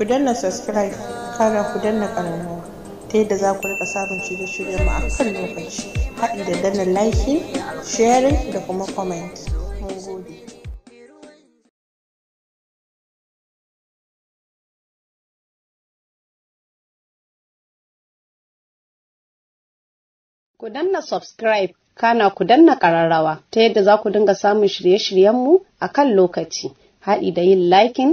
ku danna subscribe kara ku danna ƙararrawa ta yadda za ku rika samun shirye shiryen mu a kan lokaci haɗi da danna like sharing da kuma comment Ku danna subscribe kana ku danna ƙararrawa ta yadda za ku dinga samun shirye-shiryenmu a kan lokaci, haɗi da yin liking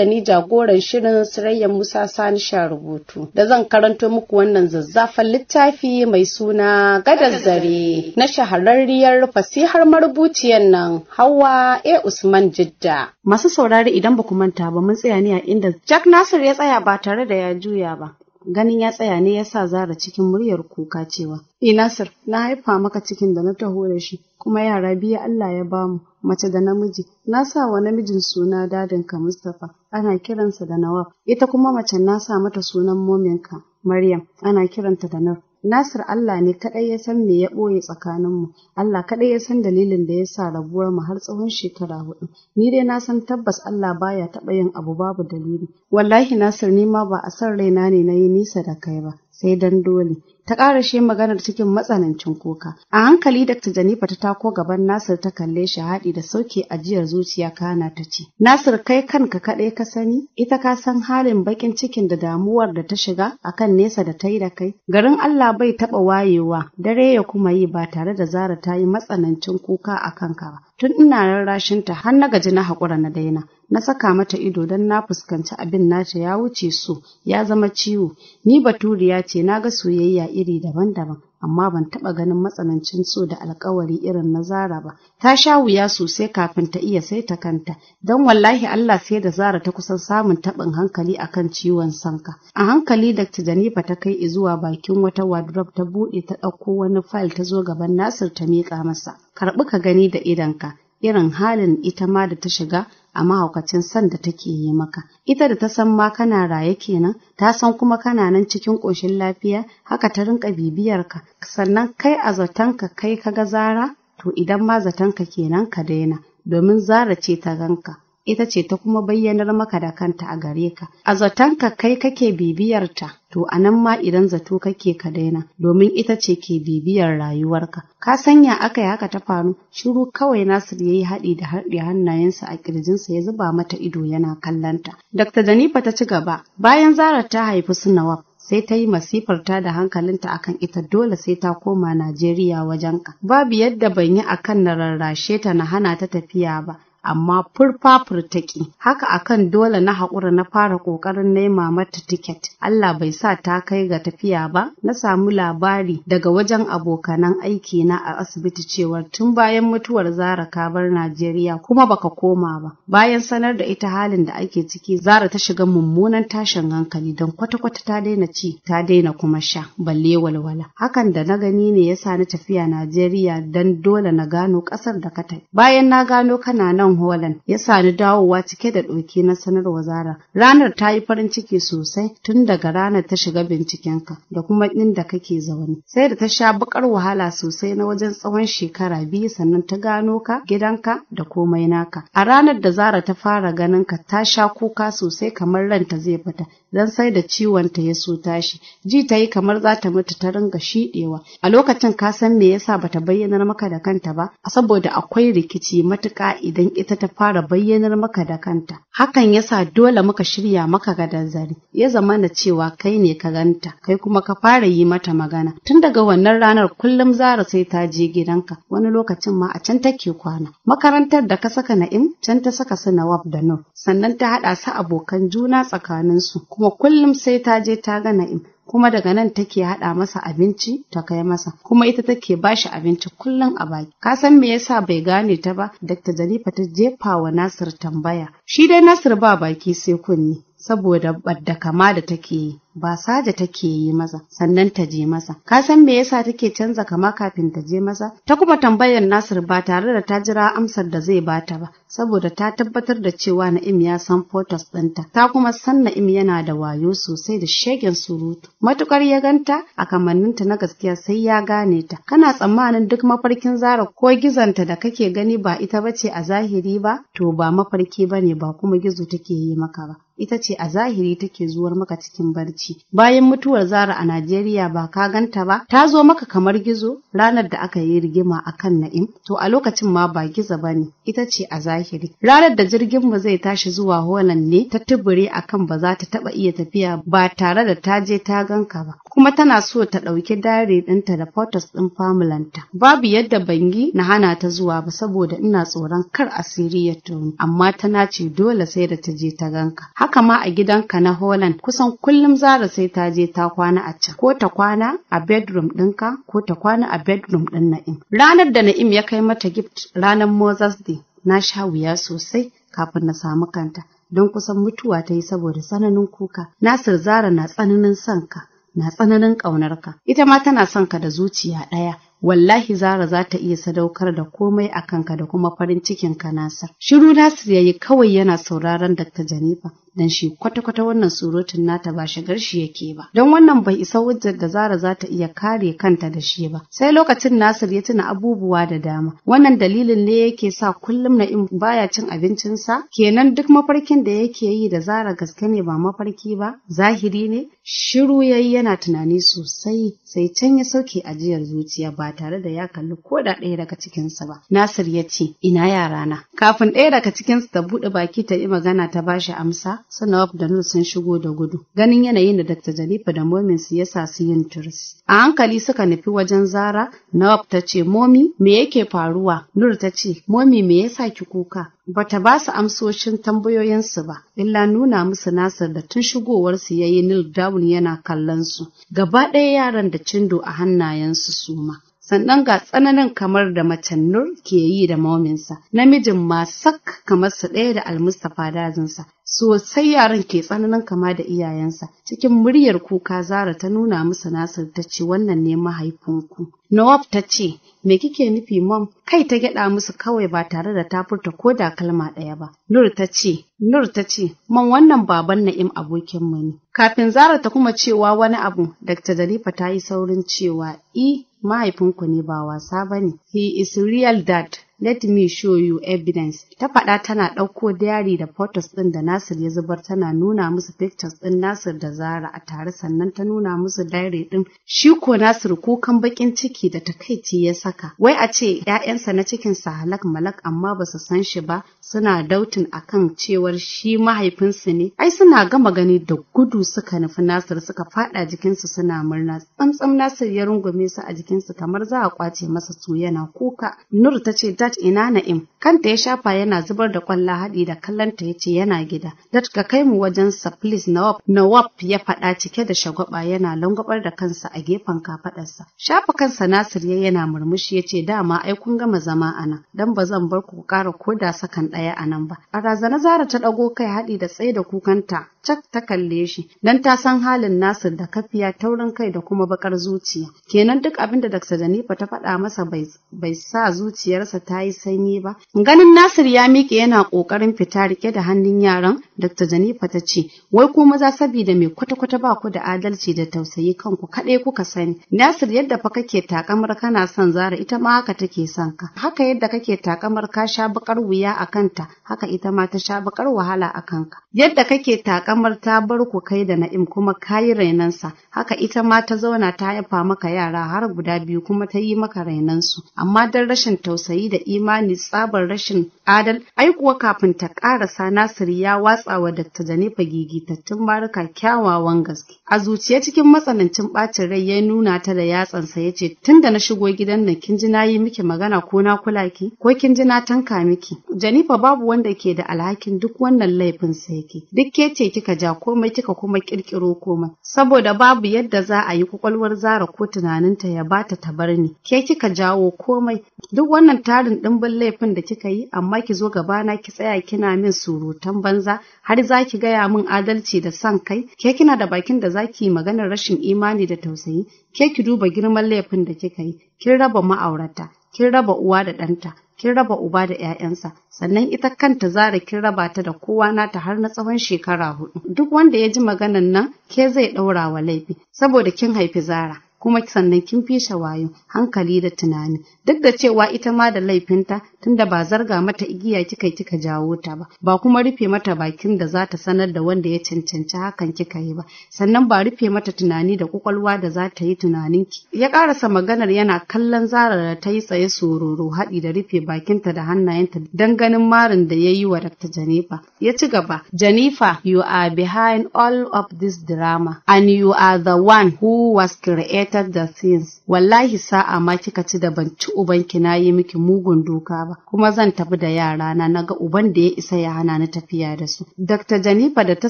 da ni jagoran shirin Sirayya Musa Sani sha rubutu da zan karanto muku wannan zazzafan littafi mai suna Gadar zare na shahararriyar fasihar marubuciyar nan Hauwa A Usman Jidda. Masu saurari idan ba ku manta ba mun tsaya ne a inda Jack Nasir ya tsaya ba tare da ya juya ba. ganin ya tsaya ne ya sa zara cikin muryar kuka cewa Nasir, na haifa maka cikin da na taho da shi kuma yara biyu Allah ya bamu mace da namiji na sa wa namijin suna dadin ka Mustapha ana kiransa da Nawab ita kuma mace na sa mata sunan mominka Maryam ana kiranta da Nur Nasir Allah ne kaɗai ya san me ya ɓoye tsakaninmu, Allah kaɗai ya san dalilin da ya sa rabuwar mu har tsawon shekara hudu. Ni dai na san tabbas Allah baya taɓa yin abu babu dalili. Wallahi Nasir ni ma ba a san raina ne na yi nisa da kai ba. sai dan dole ta ƙarashe maganar cikin matsanancin kuka a hankali Dr. Janifa ta tako gaban Nasir ta kalle shi haɗi da sauke ajiyar zuciya kana ta ce Nasir kai kanka kaɗai ka sani ita ka san halin baƙin cikin da damuwar da ta shiga akan nesa da ta yi da kai garin Allah bai taɓa wayewa dare ya kuma yi ba tare da Zara ta yi matsanancin kuka a kanka ba tun ina rarrashin ta har na gaji na haƙura na daina na saka mata ido don na fuskanci abin nata ya wuce so ya zama ciwo ni baturiya ce na ga soyayya iri daban-daban amma ban taɓa ganin matsanancin so da alkawari irin na Zara ba. Ta sha wuya sosai kafin ta iya sai ta kanta, don wallahi Allah sai da Zara ta kusan samun taɓin hankali akan ciwon sanka. A hankali Dr. Janifa ta kai zuwa bakin wata wardrobe ta buɗe ta ɗauko wani fayil ta zo gaban Nasir ta miƙa masa. Karɓi ka gani da ka, irin halin ita ma da ta shiga a mahaukacin san da take yi maka ita da ta san ma kana raye kenan ta san kuma kana nan cikin ƙoshin lafiya haka ta rinka bibiyar ka sannan kai a zatonka kai kaga zara to idan ma zatonka kenan ka daina domin zara ce ta ganka ita ce ta kuma bayyanar maka da kanta a gare ka a zatonka kai kake bibiyarta to a nan ma idan zato kake ka daina domin ita ce ke bibiyar rayuwarka ka sanya aka yi haka ta faru shiru kawai nasir ya yi haɗi da haɗe hannayensa a ƙirjinsa ya zuba mata ido yana kallanta dr Danifa ta ci gaba bayan zara ta haifi su nawab sai ta yi masifar ta da hankalinta akan ita dole sai ta koma Najeriya wajenka. Babu yadda ban yi akan na rarrashe ta na hana ta tafiya ba, amma furfa furtaki haka akan dole na haƙura na fara ƙoƙarin nema mata tiket Allah bai sa ta kai ga tafiya ba na samu labari daga wajen abokanan aiki na a asibiti cewar tun bayan mutuwar Zara ka bar Najeriya kuma baka koma ba bayan sanar da ita halin da ake ciki Zara ta shiga mummunan tashin hankali don kwata-kwata ta daina ci ta daina kuma sha balle walwala hakan da na gani ne yasa ni tafiya Najeriya don dole na gano ƙasar da ka bayan na gano kana nan Van Holland ya sani dawowa cike da ɗauki na sanarwa Zara. Ranar ta yi farin ciki sosai tun daga ranar ta shiga bincikenka da kuma inda kake zaune. Sai da ta sha bakar wahala sosai na wajen tsawon shekara biyu sannan ta gano ka, gidanka da komai naka. A ranar da Zara ta fara ganin ka ta sha kuka sosai kamar ranta zai fita don sai da ciwon ta ya so tashi ji ta yi kamar za ta mutu ta ringa shiɗewa a lokacin ka san me yasa bata bayyanar maka da kanta ba saboda akwai rikici matuƙa idan ita ta fara bayyanar maka da kanta hakan yasa dole muka shirya maka ga dazare ya zama na cewa kai ne ka ganta kai kuma ka fara yi mata magana tun daga wannan ranar kullum zara sai ta je gidanka wani lokacin ma a can take kwana makarantar da ka saka na'im can ta saka su na nawab da nur sannan ta haɗa su abokan juna tsakaninsu kuma kullum sai ta je ta ga Na'im kuma daga nan take haɗa masa abinci ta kai masa kuma ita take ba shi abinci kullum a baki ka san me yasa bai gane ta ba Dr. Jalifa ta jefa wa Nasir tambaya shi dai Nasir ba baki sai kunni saboda badda kama da take yi ba saja take yi masa sannan ta je masa ka san me yasa take canza kama kafin ta je masa ta kuma tambayar Nasir ba tare da ta jira amsar da zai bata ba saboda ta tabbatar da cewa Na'im ya san photos ɗinta ta kuma san Na'im yana da wayo sosai da shegen surutu matukar ya ganta a kamanninta na gaskiya sai ya gane ta kana tsammanin duk mafarkin zara ko gizonta da kake gani ba ita bace a zahiri ba to ba mafarki bane ba kuma gizo take yi maka ba ita ce a zahiri take zuwar maka cikin barci bayan mutuwar zara a najeriya ba ka ganta ba ta zo maka kamar gizo ranar da aka yi rigima a kan na'im to a lokacin ma ba giza ba ne ita ce a zahiri ranar da jirgin mu zai tashi zuwa holan ne ta tubure kan ba za ta taba iya tafiya ba tare da ta je ta ganka ba kuma tana so ta ɗauki dare ɗinta da photos ɗin famulanta babu yadda bangi na hana ta zuwa ba saboda ina tsoron kar asiri ya tuni amma tana ce dole sai da ta je ta ganka Haka ma a gidanka na Holland kusan kullum Zara sai ta je ta kwana a can. Ko ta kwana a bedroom ɗinka ko ta kwana a bedroom ɗin Na'im. Ranar da Na'im ya kai mata gift ranar Moses Day na sha wuya sosai kafin na samu kanta. Don kusan mutuwa ta yi saboda tsananin kuka. Nasir Zara na tsananin sanka, na tsananin ƙaunarka. Ita ma tana son da zuciya ɗaya. wallahi Zara za ta iya sadaukar da komai a kanka da kuma farin cikinka ka Nasir. Shiru Nasir ya yi kawai yana sauraron Dr. Janifa dan shi kwata-kwata wannan surutun nata ba shigar shi yake ba don wannan bai isa hujjar da Zara za ta iya kare kanta da shi ba sai lokacin Nasir ya tuna abubuwa da dama wannan dalilin ne yake sa kullum na in baya cin abincin sa? kenan duk mafarkin da yake yi da Zara gaske ne ba mafarki ba zahiri ne shiru yayi yana tunani sosai sai can ya sauke ajiyar zuciya ba tare da ya kalli ko da ɗaya daga cikinsa ba Nasir ya ce ina na? kafin ɗaya daga cikinsu ta buɗe baki ta yi magana ta bashi amsa da Abdul sun shigo da gudu. Ganin yanayin da Dr. Jalifa da momin su ya sa su yin turis. A hankali suka nufi wajen Zara, Nawab ta ce, "Momi, me yake faruwa?" Nur ta ce, "Momi, me yasa ki kuka?" Bata ba su amsoshin tambayoyinsu ba, illa nuna musu nasar da tun shigowarsu ya yi Nil Dawun yana kallon su. Gaba ɗaya yaran da cindo a hannayensu suma. sannan ga tsananin kamar da macen nur ke yi da mominsa namijin ma sak kamar su ɗaya da almustapha dazinsa sosai yaran ke tsananin kama da iyayensa cikin muryar kuka zara ta nuna musu nasar ta ce wannan ne mahaifinku nawaf ta ce me kike nufi mom kai ta gyada musu kawai ba tare da ta furta ko da kalma ɗaya ba nur ta ce nur ta ce mom wannan baban na'im abokin mu ne kafin zara ta kuma cewa wani abu dr dalifa ta yi saurin cewa i mahaifinku ne ba wasa bane he is real dad let me show you evidence ta faɗa tana ɗauko diary da photos ɗin da Nasir ya zubar tana nuna musu pictures ɗin Nasir da Zara a tare sannan ta nuna musu diary ɗin shi ko Nasir kukan bakin ciki da takaici ya saka wai a ce ƴaƴansa na cikin sa halak malak amma ba su san shi ba suna dautin akan cewar shi mahaifinsu ne ai suna gama gani da gudu suka nufi Nasir suka faɗa jikinsu suna murna tsamtsam Nasir ya rungume su a jikinsu kamar za a kwace masa tsuyana yana kuka Nur ta ce dat ina na'im kanta ya shafa yana yana zubar da kwallon haɗi da kallanta ya ce yana gida. Dat ka kai mu wajen sa please Nawab. Nawab ya faɗa cike da shagwaba yana langwabar da kansa a gefen kafaɗarsa. Shafa kansa Nasir ya yana murmushi ya ce dama ai kun gama zama a nan dan ba zan bar ku ƙara ko da sakan ɗaya a nan ba. A razana Zara ta ɗago kai haɗi da tsaye da kukanta cak ta kalle shi don ta san halin Nasir da kafiya taurin kai da kuma baƙar zuciya. Kenan duk abin da Dr. Danifa ta faɗa masa bai sa zuciyarsa ta yi sanyi ba. Ganin Nasir ya ya miƙe yana ƙoƙarin fita rike da hannun yaran Dr. Janifa ta ce, "Wai ku maza saboda mai kwata-kwata ba ku da adalci da tausayi kanku kaɗai kuka sani. Nasir yadda fa kake takamar kana son Zara ita ma haka take son ka. Haka yadda kake takamar ka sha bakar wuya a kanta, haka ita ma ta sha bakar wahala a kanka. Yadda kake takamar ta bar ku kai da Na'im kuma kayi rainansa, haka ita ma ta zauna ta haifa maka yara har guda biyu kuma ta yi maka rainansu. Amma don rashin tausayi da imani tsabar rashin adalci badal ai kuwa kafin ta karasa Nasiru ya watsa wa Dr. Janifa gigitattun barka kyawawan gaske. A zuciya cikin matsanancin bacin rai ya nuna ta da yatsansa ya ce "Tun da na shigo gidan nan kin ji na yi miki magana ko na kula ki ko kin ji na tanka miki. Janifa babu wanda ke da alhakin duk wannan laifin sa yake. Duk ke ce kika ja komai kika kuma kirkiro komai saboda babu yadda za a yi kwakwalwar Zara ko tunaninta ya bata ta tabarni. Ke kika jawo komai duk wannan tarin ɗimbin laifin da kika yi amma ki ki zo gabana ki tsaya kina min surutan banza har za ki gaya min adalci da san kai ke kina da bakin da za zaki maganar rashin imani da tausayi ke ki duba girman laifin da kika yi kin raba ma'aurata kin raba uwa da ɗanta kin raba uba da 'ya'yansa sannan ita kanta zara kin raba ta da kowa nata har na tsawon shekara hudu duk wanda ya ji maganan nan ke zai ɗaura wa laifi saboda kin haifi zara kuma sannan kin fi shawayo wayo hankali da tunani duk da cewa ita ma da laifinta tunda ba zarga mata igiya kika kika jawo ta ba ba kuma rufe mata bakin da za ta sanar da wanda ya cancanci hakan kika yi ba sannan ba rufe mata tunani da kwakwalwa da za ta yi tunanin ki ya karasa maganar yana kallon zarar ta yi tsaye sororo haɗi da rufe bakinta da hannayenta don ganin marin da ya yi wa Dr. Janifa ya ci gaba Janifa you are behind all of this drama and you are the one who was created fighter da sins wallahi sa'a ma kika ci da ban ci ubanki na yi miki mugun doka ba kuma zan tafi da yara na ga uban da ya isa ya hana ni tafiya da su Dr. Janifa da ta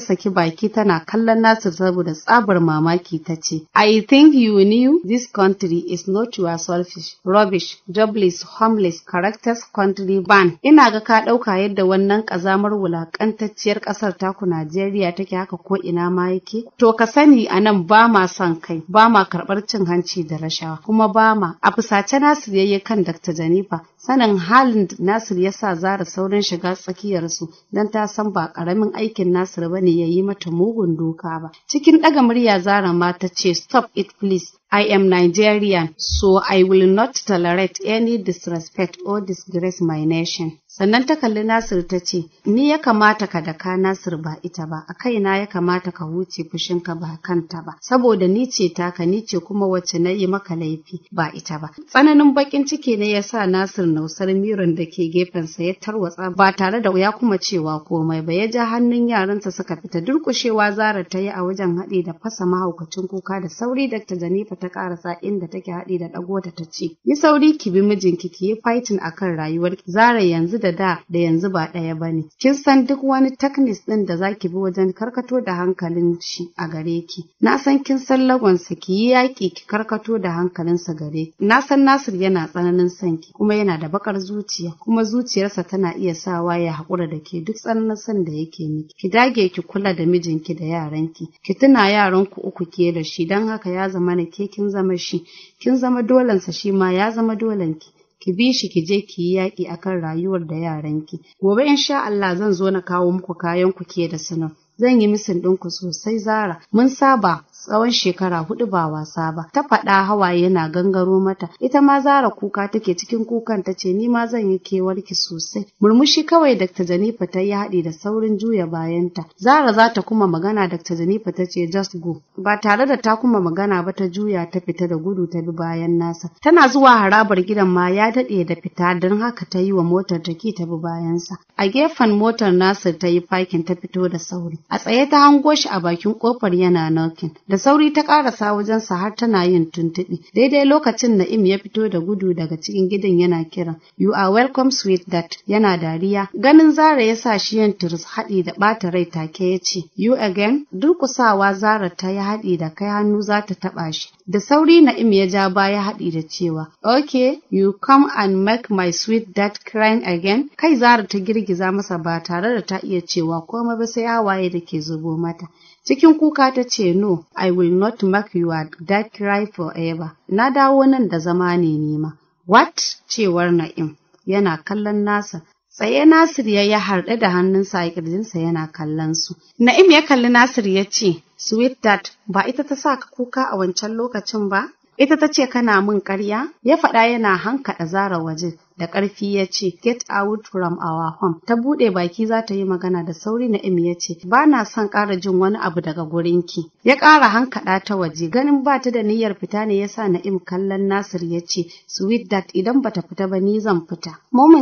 saki baki tana kallon Nasir saboda tsabar mamaki ta ce I think you knew this country is not your selfish rubbish jobless homeless characters country ban ina ga ka ɗauka yadda wannan ƙazamar wulaƙantacciyar ƙasar taku Najeriya take haka ko ina ma yake to ka sani a nan ba ma son kai ba ma karɓar cin hanci da rashawa kuma bama a fusace Nasir yayi kan Dr. Janifa sanin halin Nasir ya sa Zara saurin shiga tsakiyar su dan ta san ba karamin aikin Nasir ba ne ya yi mata mugun doka ba cikin ɗaga murya Zara ma ta ce stop it please I am Nigerian, so I will not tolerate any disrespect or disgrace my nation. sannan ta kalli Nasir ta ce, Ni ya kamata ka daka Nasir ba ita ba, a kaina ya kamata ka huce fushinka ba kanta ba, saboda ni ce ta ka ni ce kuma wacce na yi maka laifi ba ita ba. Tsananin bakin ciki ne ya sa Nasir nausar mirin da ke gefensa ya tarwatsa ba tare da ya kuma cewa komai ba ya ja hannun yaransa suka fita durkushewa Zara ta yi a wajen haɗe da fasa mahaukacin kuka da sauri Dr. Janifa ta karasa inda take haɗe da ɗagota ta ce, Yi sauri ki bi mijinki ki yi fighting akan rayuwarki. Zara yanzu da da da yanzu ba ɗaya ba ne. Kin san duk wani taknis ɗin da za ki bi wajen karkato da hankalin shi a gare ki. Na san kin san lagonsa ki yi yaƙi ki karkato da hankalinsa gare ki. Na san Nasir yana tsananin son ki kuma yana da bakar zuciya kuma zuciyarsa tana iya sawa ya haƙura da ke duk tsananin son da yake miki. Ki dage ki kula da mijinki da yaranki. Ki tuna yaranku uku ke da shi don haka ya zama na ke kin zama shi. Kin zama dolensa shi ma ya zama dolenki. ki bi shi ki je ki yi yaƙi akan rayuwar da yaranki gobe insha Allah zan zo na kawo muku kayan ku ke da sanar zan yi misin ɗinku sosai zara mun saba tsawon shekara hudu ba wasa ba ta faɗa hawaye yana gangaro mata ita ma zara kuka take cikin kukan ta ce ni ma zan yi kewarki sosai murmushi kawai dr janifa ta yi haɗi da saurin juya bayanta zara za ta kuma magana dr janifa ta ce just go ba tare da ta kuma magana ba ta juya ta fita da gudu ta bi bayan nasa tana zuwa harabar gidan ma ya daɗe da fita don haka ta yi wa motar ta ki ta bi bayansa a gefen motar nasir ta yi fakin ta fito da sauri A tsaye ta hango shi a bakin kofar yana nokin. Da sauri ta karasa sa har tana yin tuntuɗi Daidai lokacin Na'im ya fito da gudu daga cikin gidan yana kiran. You are welcome sweet that yana dariya. Ganin Zara ya sa shi yin tiris haɗi da ɓata rai take ya ce, You again? Durƙusawa Zara ta yi haɗi da kai hannu za ta taɓa shi. Da sauri Na'im ya ja baya haɗi da cewa, "Okay, you come and make my sweet dad crying again." Kai Zara ta girgiza masa ba tare da ta iya cewa komai ba sai hawaye da ke zubo mata. Cikin kuka ta ce, "No, I will not make your dad cry forever." Na dawo nan da zama ne nema. What? cewar Na'im. Yana kallon nasa Tsaye Nasir ya yi harɗe da hannunsa a ƙirjinsa yana kallon su. Na'im ya kalli Nasir ya ce, Sweet Dad, ba ita ta sa ka kuka a wancan lokacin ba? Ita ta ce kana min karya? Ya faɗa yana hankaɗa zara waje. da ƙarfi ya ce, Get out from our home. Ta buɗe baki za ta yi magana da sauri Na'im ya ce, Ba na son ƙara jin wani abu daga gurinki. Ya ƙara hankaɗa ta waje, ganin ba ta da niyyar fita ne ya sa Na'im kallon Nasir ya ce, Sweet that idan ba ta fita ba ni zan fita.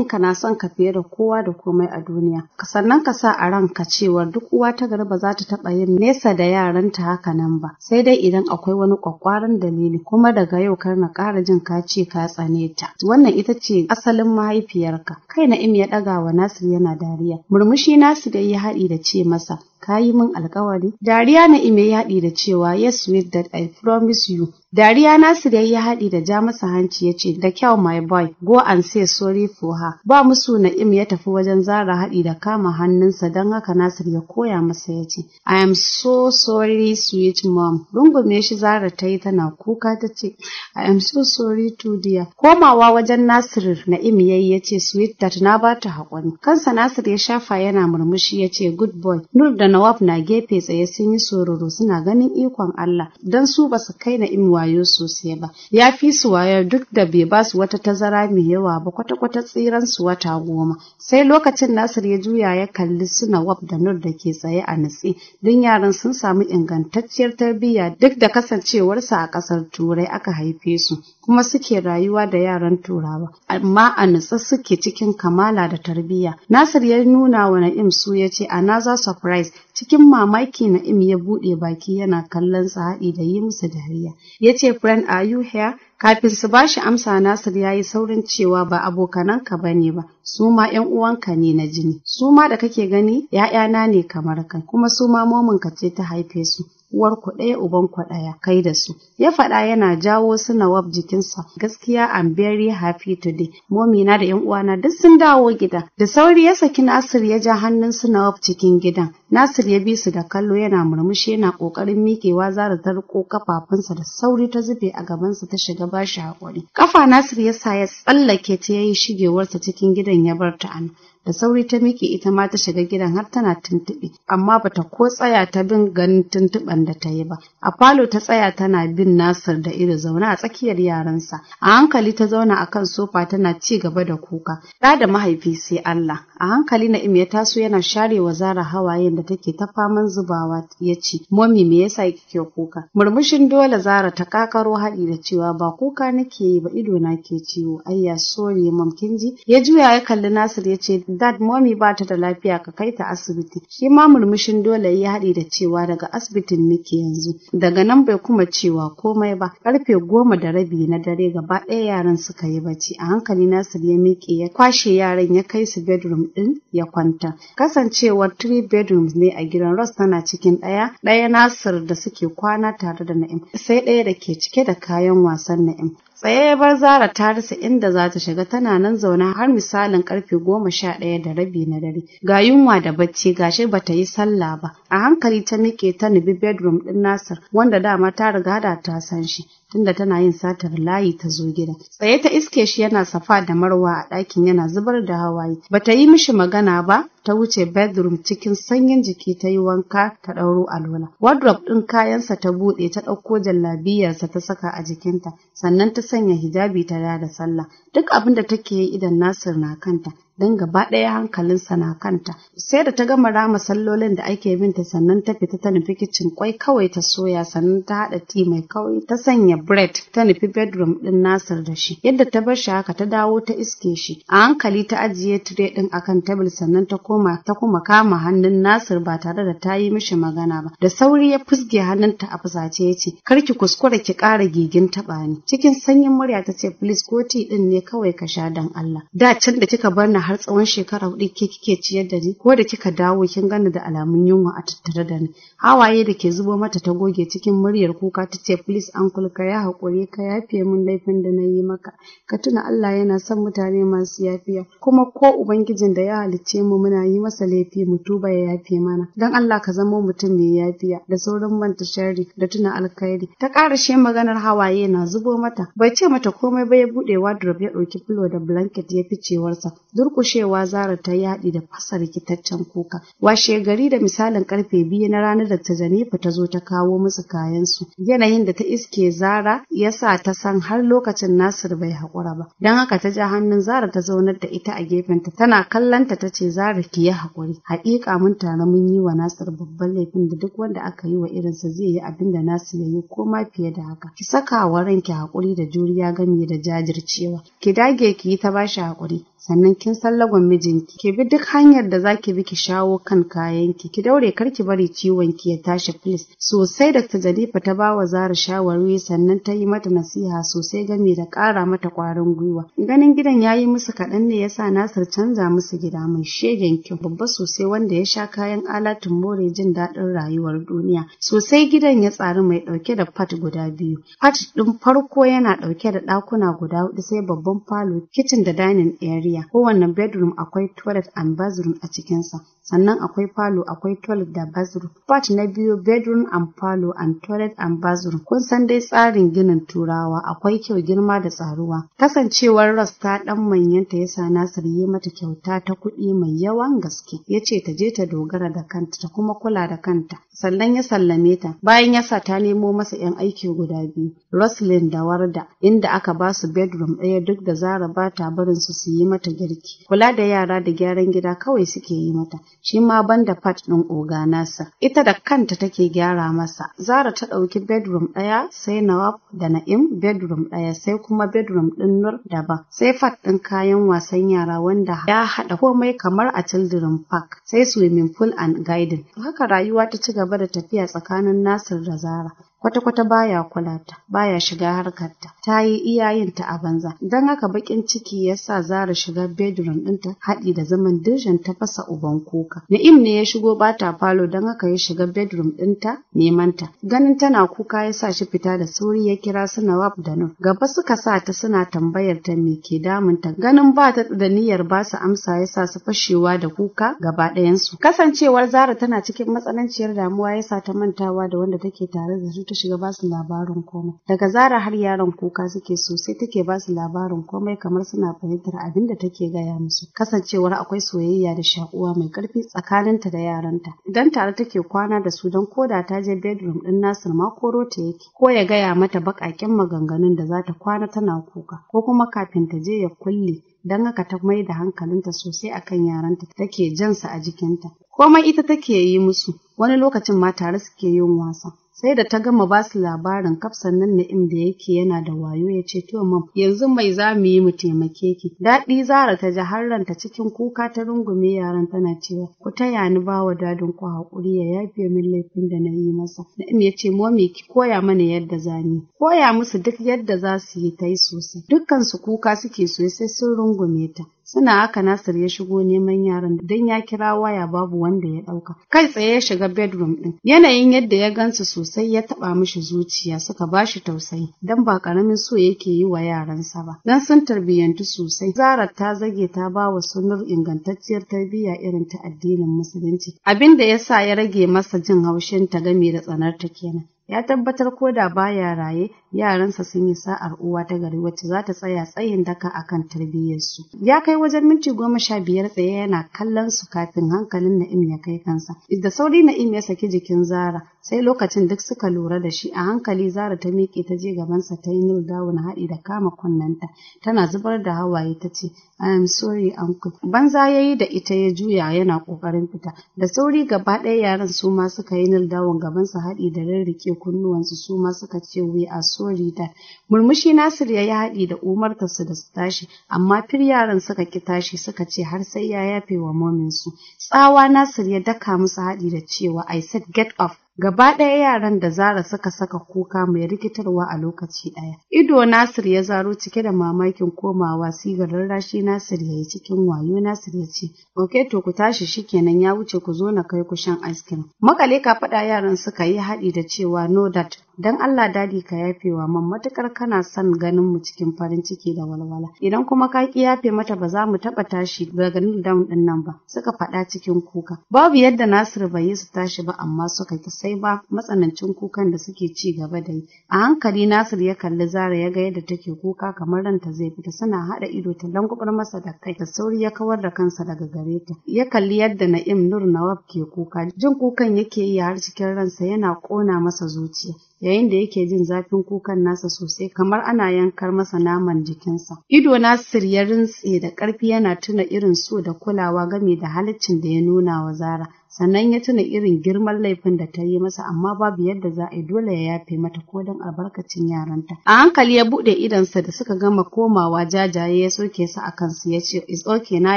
ka na son ka fiye da kowa da komai a duniya. Sannan ka sa a ranka cewar duk uwa ta gari ba za ta taɓa yin nesa da yaranta haka nan ba. Sai dai idan akwai wani ƙwaƙwaran dalili kuma daga yau kar na ƙara jin ka ce ka tsane ta. Wannan ita ce asalin mahaifiyarka. Kai Na'im ya ɗaga wa Nasir yana dariya. Murmushi Nasir ya haɗi da ce masa, ka yi min alkawari? Dariya na ime ya haɗi da cewa yes with that I promise you. Dariya Nasir ya yi haɗi da ja masa hanci ya ce da kyau my boy go and say sorry for her. Ba musu Na'im ya tafi wajen Zara haɗi da kama hannunsa don haka Nasir ya koya masa ya ce I am so sorry sweet mom. Rungume shi Zara ta yi tana kuka ta ce I am so sorry to dear. Komawa wajen Nasir Na'im ya yi ya ce sweet that na ba ta haƙuri. Kansa Nasir ya shafa yana murmushi ya ce good boy. Nur da Nawab na gefe tsaye sun yi sororo suna ganin ikon Allah don su ba su kai na in wayo sosai ba. Ya fi su wayar duk da bai ba su wata tazara mai yawa ba kwata-kwata tsiran su wata goma. Sai lokacin Nasir ya juya ya kalli su Nawab da Nur da ke tsaye a nutse don yaran sun samu ingantacciyar tarbiyya duk da kasancewarsa a ƙasar Turai aka haife su. kuma suke rayuwa da yaran turawa amma a nutsa suke cikin kamala da tarbiyya nasir ya nuna wa na'im su ya ce another surprise cikin mamaki na'im ya buɗe baki yana kallon tsadi da yi musu dariya ya ce friend are you here kafin su bashi amsa Nasir ya yi saurin cewa ba abokananka ba ne ba su ma ‘yan uwanka ne na jini su ma da kake gani ‘ya'yana ne kamar kai kuma su ma ka ce ta haife su uwar ɗaya uban ɗaya kai da su ya faɗa yana jawo su nawab jikinsa gaskiya I'm very happy today momi da yan uwana duk sun dawo gida da sauri ya saki Nasir ya ja hannun su nawab cikin gidan Nasir ya bi su da kallo yana murmushi yana ƙoƙarin miƙewa zara ta riko kafafunsa da sauri ta zube a gabansa ta shiga bashi hakuri Ƙafa Nasir ya sa ya tsallake ta yayi shigewarsa cikin gidan ya bar ta an da sauri ta miki, ita ma ta shiga gidan har tana tuntuɓe amma bata ko tsaya ta bin ganin tuntuɓen da ta yi ba a falo ta tsaya tana bin nasir da ido zaune a tsakiyar yaransa a hankali ta zauna a kan sofa tana ci gaba da kuka ɗa da mahaifi sai Allah a hankali na'im ya taso yana share wa zara hawayen da take ta faman zubawa ya ce momi me yasa kike kuka murmushin dole zara ta kakaro haɗi da cewa ba kuka nake yi ba ido na ke ciwo ayya sori mom kinji ya juya ya kalli nasir ya ce dad mommy ba ta da lafiya ka kai ta asibiti shi ma murmushin dole ya haɗi da cewa daga asibitin nake yanzu daga nan bai kuma cewa komai ba karfe goma da rabi na dare gaba ɗaya yaran suka yi bacci a hankali Nasir ya miƙe ya kwashe yaran ya kai su bedroom ɗin ya kwanta kasancewar three bedrooms ne a gidan Ross tana cikin ɗaya ɗaya Nasir da suke kwana tare da Na'im sai ɗaya da ke cike da kayan wasan Na'im tsaye ya bar zara ta rasa inda za ta shiga tana nan zaune har misalin karfe goma sha ɗaya da rabi na dare ga yunwa da bacci gashi ba ta yi sallah ba a hankali ta miƙe ta nubi bedroom ɗin nasir wanda dama ta riga da ta san shi tunda tana yin satar layi ta zo gida tsaye ta iske shi yana safa da marwa a ɗakin yana zubar da hawaye bata yi mishi magana ba ta wuce bedroom cikin sanyin jiki ta yi wanka ta ɗauro a alwala wardrobe ɗin kayansa ta buɗe ta ɗauko jallabiyarsa ta saka a jikinta sannan ta sanya hijabi ta da sallah duk abin da take yi idan nasir na kanta don gaba ɗaya hankalinsa na kanta sai da ta gama rama sallolin da ake binta sannan ta fita ta nufi kicin kwai kawai ta soya sannan ta haɗa ti mai kawai ta sanya bread ta nufi bedroom din Nasir da shi. Yadda ta bar shi haka ta dawo ta iske shi. A hankali ta ajiye tire din akan table sannan ta koma ta kuma kama hannun Nasir ba tare da ta yi mishi magana ba. Da sauri ya fusge hannunta a fusace ya ce, "Kar ki kuskure ki kara gigin taɓa ni." Cikin sanyin murya ta ce, "Please ko ti ne kawai ka sha dan Allah." Da can da kika bar ni har tsawon shekara hudu ke kike ciyar da ni, ko da kika dawo kin gani da alamun yunwa a tattare da ni. Hawaye da ke zubo mata ta goge cikin muryar kuka ta ce, "Please uncle ka ya haƙuri ka yafe min laifin da na yi maka ka tuna Allah yana son mutane masu yafiya kuma ko ubangijin da ya halicce mu muna yi masa laifi mu tuba ya yafe mana dan Allah ka zamo mutum mai yafiya da saurin manta sharri da tuna alkhairi ta ƙarashe maganar hawaye na zubo mata bai ce mata komai ba ya buɗe wardrobe ya ɗauki filo da blanket ya ficewarsa durƙushewa Zara ta yaɗi da fasa rikitaccen kuka washe gari da misalin karfe biyu na ranar da ta Zanifa ta zo ta kawo musu kayansu yanayin da ta iske Zara Zara ya sa ta san har lokacin Nasir bai haƙura ba. Don haka ta ja hannun Zara ta zaunar da ita a gefenta tana kallanta ta ce Zara ki yi haƙuri. Haƙiƙa mun tare mun yi wa Nasir babban laifin da duk wanda aka yi wa irinsa zai yi abin da Nasir ya yi ko ma fiye da haka. Ki saka wa ranki haƙuri da juriya game da jajircewa. Ki dage ki yi ta bashi haƙuri. sannan kin san lagon mijinki ki bi duk hanyar da zaki bi ki shawo kan kayanki ki daure kar ki bari ciwon ki ya tashi please sosai Dr. Jalifa ta ba wa Zara shawari sannan ta yi mata nasiha sosai game da ƙara mata ƙwarin gwiwa ganin gidan yayi musu kaɗan ne yasa Nasir canza musu gida mai shegen kyau babba sosai wanda ya sha kayan alatun more jin daɗin rayuwar duniya sosai gidan ya tsari mai ɗauke da fat guda biyu fat ɗin farko yana ɗauke da ɗakuna guda huɗu sai babban falo kicin, da dining area Ko wanne bedroom akwai toilet and bathroom a cikinsa. sannan akwai falo akwai toilet da bathroom part na biyu bedroom and falo and toilet and bathroom kun san dai tsarin ginin turawa akwai kyau girma da tsaruwa kasancewar rasta dan manyanta ya sa Nasir yi mata kyauta ta kuɗi mai yawan gaske Ya ce ta je ta dogara da kanta ta kuma kula da kanta sannan ya sallame ta bayan ya sa ta nemo masa 'yan aiki guda biyu Roslyn da Warda inda aka ba su bedroom ɗaya duk da Zara ba ta barin su su yi mata girki kula da yara da gyaran gida kawai suke yi mata shi ma banda fat ɗin oga nasa. Ita da kanta take gyara masa. Zara ta ɗauki bedroom ɗaya sai Nawab da Na'im bedroom ɗaya sai kuma bedroom ɗin Nur daban. Sai fat ɗin kayan wasan yara wanda ya haɗa komai kamar a children park sai swimming pool and garden. Haka rayuwa ta ci gaba da tafiya tsakanin Nasir da Zara. kwata-kwata baya kula baya shiga harkarta. ta yi iyayenta a banza don haka bakin ciki ya sa zara shiga bedroom ɗinta haɗi da zaman dirjan ta fasa uban kuka na'im ne ya shigo bata falo don haka ya shiga bedroom ɗinta neman ta ganin tana kuka ya sa shi fita da sauri ya kira suna wap da nur gaba suka sa ta suna tambayar ta me ke damun ta ganin ba ta da niyyar ba su amsa ya sa su fashewa da kuka gaba ɗayansu kasancewar zara tana cikin matsananciyar damuwa ya sa ta mantawa da wanda take tare da su ta shiga basu labarin komai daga zara har yaron kuka suke so sai take basu labarin komai kamar suna fahimtar abin da take gaya musu kasancewar akwai soyayya da shakuwa mai karfi tsakaninta da yaranta idan tare take kwana da su don koda ta je bedroom din Nasir ma koro ta yake ko ya gaya mata bakakin maganganun da za ta kwana tana kuka ko kuma kafin ta je ya kulle dan haka ta mai da hankalinta sosai akan yaranta take jansa a jikinta komai ita take yi musu wani lokacin ma tare suke yin wasa sai da ta gama ba su labarin kaf sannan na inda yake yana da wayo ya ce to mam yanzu mai za mu yi mu taimake ki daɗi zara ta ji har ranta cikin kuka ta rungume yaran tana cewa ku taya ni ba wa dadin ku haƙuri ya yafe min laifin da na yi masa na'im ya ce momi ki koya mana yadda za ni koya musu duk yadda za su yi ta yi sosai dukkan su kuka suke so sai sun rungume ta suna haka Nasir ya shigo neman yaran don ya kira waya babu wanda ya ɗauka. kai tsaye ya shiga bedroom ɗin! yanayin yadda ya gansu sosai ya taɓa mishi zuciya suka bashi tausayi don ba karamin so yake yi wa yaransa ba dan sun tarbiyyantu sosai Zara ta zage ta ba wa sunur ingantacciyar tarbiyya irin ta addinin musulunci abinda yasa ya rage masa jin haushin ta game da tsanarta ta kenan Ya tabbatar ko da baya raye yaransa sun yi sa'ar uwa ta gari wacce za ta tsaya tsayin daka akan tarbiyyarsu. Ya kai wajen minti goma sha biyar tsaye yana kallon su kafin hankalin Na'im ya kai kansa. Da sauri Na'im ya saki jikin Zara sai lokacin duk suka lura da shi a hankali Zara ta miƙe ta je gabansa ta yi nil dawun haɗi da kama kunnanta tana zubar da hawaye ta ce am sorry uncle. Banza yayi da ita ya juya yana ƙoƙarin fita. Da sauri gaba ɗaya yaran su ma suka yi nildawon gaban su haɗi da rarrike kunnuwansu su ma suka ce we are sorry da Murmushi Nasir ya yi haɗi da umarta su da su tashi amma fir yaran suka ki tashi suka ce har sai ya yafe wa momin su. Tsawa Nasir ya daka musu haɗi da cewa I said get off Gaba ɗaya yaran da Zara suka saka kuka mai rikitarwa a lokaci ɗaya. Ido Nasir ya zaro cike da mamakin komawa sigarin rashi Nasir ya yi cikin wayo Nasir ya ce, "Ok to ku tashi shi kenan ya wuce ku zo na kai ku shan ice cream." Makale ka faɗa yaran suka yi haɗi da cewa no that don Allah dadi ka yafe wa man matukar kana son ganin mu cikin farin ciki da walwala idan kuma ka ki yafe mata ba za mu taba tashi daga nil down din nan ba suka faɗa cikin kuka babu yadda Nasir bai yi su tashi ba amma suka ki sai ba matsanancin kukan da suke ci gaba da yi a hankali Nasir ya kalli Zara ya ga yadda take kuka kamar ranta zai fita suna haɗa ido ta langubar masa da kai da sauri ya kawar da kansa daga gare ta ya kalli yadda Na'im Nur Nawab ke kuka jin kukan yake yi har cikin ransa yana ƙona masa zuciya yayin da yake jin zafin kukan nasa sosai kamar ana yankar masa naman jikinsa. Ido na siryarin rintse da ƙarfi yana tuna irin so da kulawa game da halaccin da ya nuna wa Zara. sannan ya tuna irin girman laifin da ta yi masa amma babu yadda za a yi dole ya yafe mata ko don albarkacin yaranta a hankali ya bude idonsa da suka gama komawa jajaye ya soke su a kansu ya ce is okay na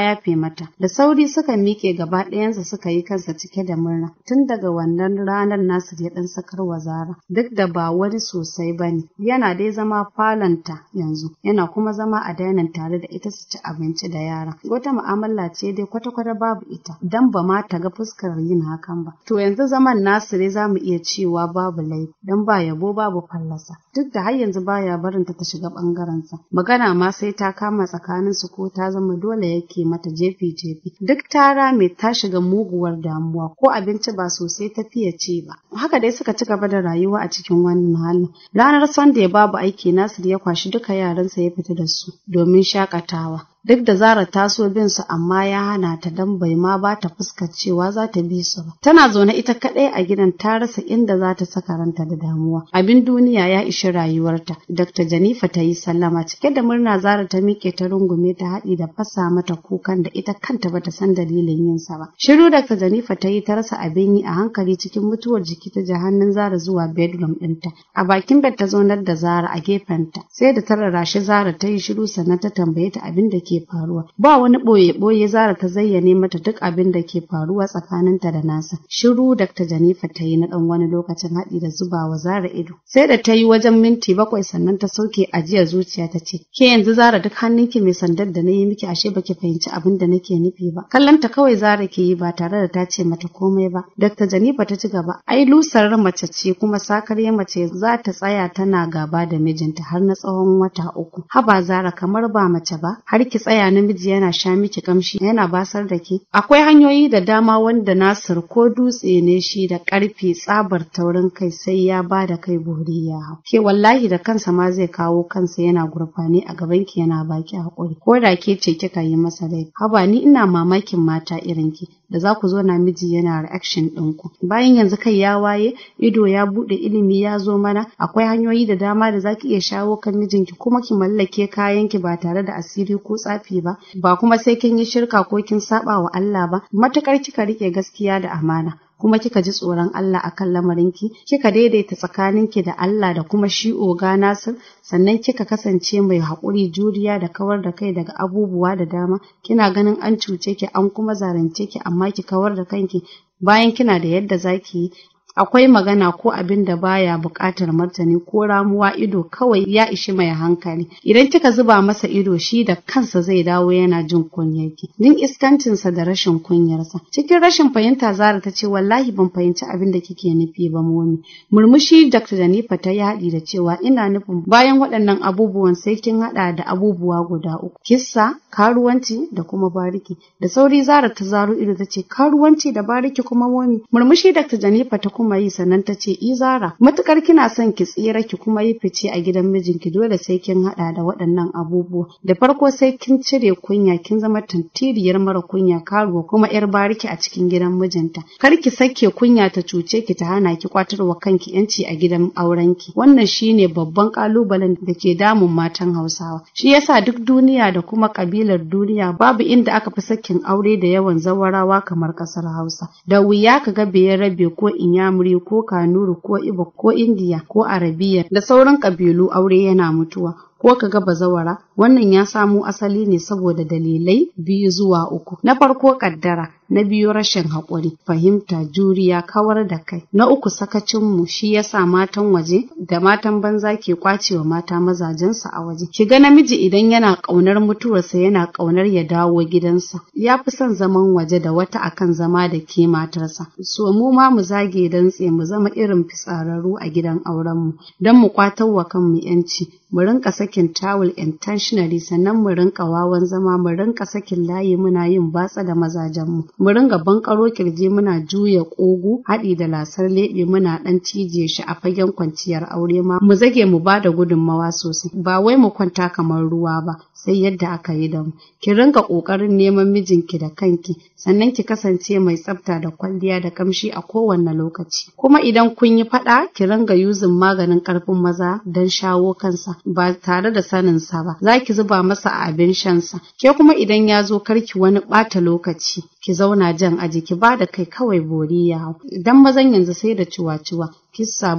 yafe mata da sauri suka miƙe gaba ɗayansa suka yi kansa cike da murna tun daga wannan ranar nasir ya ɗan sakar Zara. duk da ba wani sosai ba ne yana dai zama falanta yanzu yana kuma zama a dainin tare da ita su ci abinci da yara wata mu'amala ce dai kwata-kwata babu ita dan ba ma ta ga fuska akan yin hakan ba to yanzu zaman nasu za zamu iya cewa babu laifi dan ba yabo babu fallasa duk da har yanzu baya barin ta ta shiga bangaren magana ma sai ta kama tsakanin su ko ta zama dole yake mata jefi jefi duk tara mai ta shiga muguwar damuwa ko abinci ba sosai ta fiye ce ba haka dai suka ci gaba da rayuwa a cikin wannan halin ranar sunday babu aiki nasir ya kwashi duka yaransa ya fita da su domin shakatawa duk da Zara ta so bin su amma ya hana ta dan bai ma ba ta fuskar cewa za ta bi su ba. Tana zaune ita kaɗai a gidan ta rasa inda za ta saka ranta da damuwa. Abin duniya ya ishi rayuwarta. Dr. Janifa ta yi sallama cike da murna Zara ta miƙe ta rungume ta haɗi da fasa mata kukan da ita kanta bata san dalilin yin sa ba. Shiru Dr. Janifa ta yi ta rasa abin yi a hankali cikin mutuwar jiki ta ji hannun Zara zuwa bedroom ɗinta. A bakin bed ta zaunar da Zara a gefenta sai da ta rarrashi Zara ta yi shiru sannan ta tambaye ta abin da ke ke faruwa ba wani boye boye zara ta zayyane mata duk abin da ke faruwa tsakaninta da nasa shiru dr janifa ta yi na dan wani lokacin haɗi da zubawa zara ido sai da ta yi wajen minti bakwai sannan ta sauke ajiyar zuciya ta ce ke yanzu zara duk hannunki mai sandar da na yi miki ashe baki fahimci abin da nake nufi ba kallon ta kawai zara ke yi ba tare da ta ce mata komai ba dr janifa ta ci gaba ai lusar mace ce kuma sakarya mace za ta tsaya tana gaba da mijinta har na tsawon wata uku haba zara kamar ba mace ba har ki tsaya namiji yana sha miki kamshi yana basar da ke akwai hanyoyi da dama wanda nasir ko dutse ne shi da karfe tsabar taurin kai sai ya ba da kai buriya ya hau ke wallahi da kansa ma zai kawo kansa yana gurfani a gaban ki yana baki hakuri ko da ke ce kika yi masa laifi haba ni ina mamakin mata irin ki da za ku zo na miji yana reaction ɗinku. Bayan yanzu kai ya waye, ido ya buɗe ilimi ya zo mana, akwai hanyoyi da dama da za ki iya shawo kan mijinki kuma ki mallake kayanki ba tare da asiri ko tsafi ba, ba kuma sai kin yi shirka ko kin saɓa wa Allah ba, matukar kika rike gaskiya da amana. kuma kika ji tsoron Allah a lamarin lamarinki kika daidaita tsakaninki da Allah da kuma shi oga Nasir sannan kika kasance mai haƙuri juriya da kawar da kai daga abubuwa da dama kina ganin an cuce ki an kuma zarance ki amma ki kawar da kanki bayan kina da yadda zaki yi akwai magana ko abin da baya buƙatar martani ko ramuwa ido kawai ya ishi mai hankali idan kika zuba masa ido shi da kansa zai dawo yana jin kunyaki. din iskancinsa da rashin kunyarsa cikin rashin fahimta zara ta ce wallahi ban fahimci abin da kike nufi ba momi murmushi dr janifa ta yaɗi da cewa ina nufin bayan waɗannan abubuwan sai kin haɗa da abubuwa guda uku kissa karuwanci da kuma bariki da sauri zara ta zaro ido ta ce karuwanci da bariki kuma momi murmushi dr janifa ta kuma kuma yi sannan ta ce izara matukar kina son ki tsira ki kuma yi fice a gidan mijinki dole sai kin hada da waɗannan abubuwa da farko sai kin cire kunya kin zama tantiriyar mara kunya karuwa kuma yar bariki a cikin gidan mijinta kar ki sake kunya ta cuce ki ta hana ki kwatarwa kanki yanci a gidan aurenki wannan shine babban kalubalen da ke damun matan Hausawa shi yasa duk duniya da kuma kabilar duniya babu inda aka fi sakin aure da yawan zawarawa kamar kasar Hausa da wuya ka ga biyar rabe ko inya amri ko kanuru ko ibo ko indiya ko arabiya da sauran kabilu aure yana mutuwa ko ka kaga bazawara Wannan ya samo asali ne saboda dalilai biyu zuwa uku. Na farko kaddara, na biyu rashin haƙuri, fahimta, juriya, kawar da kai. Na uku sakacinmu shi ya sa matan waje da matan banza ke kwacewa mata mazajensa a waje. Ki ga namiji idan yana ƙaunar mutuwarsa yana ƙaunar ya dawo gidansa. Ya fi son zaman waje da wata akan zama da ke matarsa. So mu ma mu zage dantse mu zama irin fitsararru a gidan aurenmu don mu kwatar wa kanmu 'yanci. Mu rinka sakin tawul intention intentionally sannan mu rinka wawan zama mu rinka sakin layi muna yin batsa da mazajenmu mu rinka bankaro kirji muna juya ƙugu haɗi da lasar leɓe muna ɗan cije shi a fagen kwanciyar aure ma mu zage mu ba da gudunmawa sosai ba wai mu kwanta kamar ruwa ba sai yadda aka yi da mu ki rinka ƙoƙarin neman mijinki da kanki sannan ki kasance mai tsafta da kwalliya da kamshi a kowanne lokaci kuma idan kun yi fada ki ringa yuzin maganin karfin maza don shawo kansa ba tare da sanin sa ba zaki zuba masa a abin shansa ke kuma idan ya zo karki wani bata lokaci ki zauna jan aji ki ba da kai kawai bori ya hau idan mazan yanzu sai da ciwa-ciwa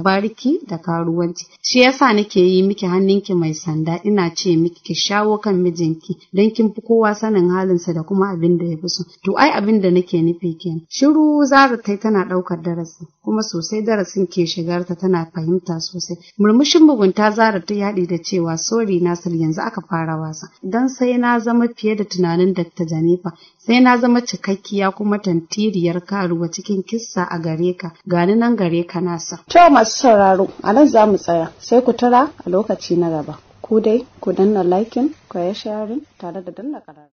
bariki da karuwanci shi yasa nake yi miki hannunki mai sanda ina ce miki ki shawo kan mijinki don kin fi kowa sanin halinsa da kuma abin da ya fi so to ai abin da nake nufi kenan shiru zara tai tana ɗaukar darasi kuma sosai darasin ke shigarta tana fahimta sosai murmushin mugunta zara ta yaɗi da cewa sori nasir yanzu aka fara wasa dan sai na zama fiye da tunanin dr janifa sai na zama cikakkiya kuma tantiriyar karuwa cikin kissa a gare ka gani nan gare ka nasa. To masu sauraro a nan za mu tsaya sai ku tara a lokaci na gaba. Ku dai ku danna laikin ku ya sharing tare da danna ƙarar.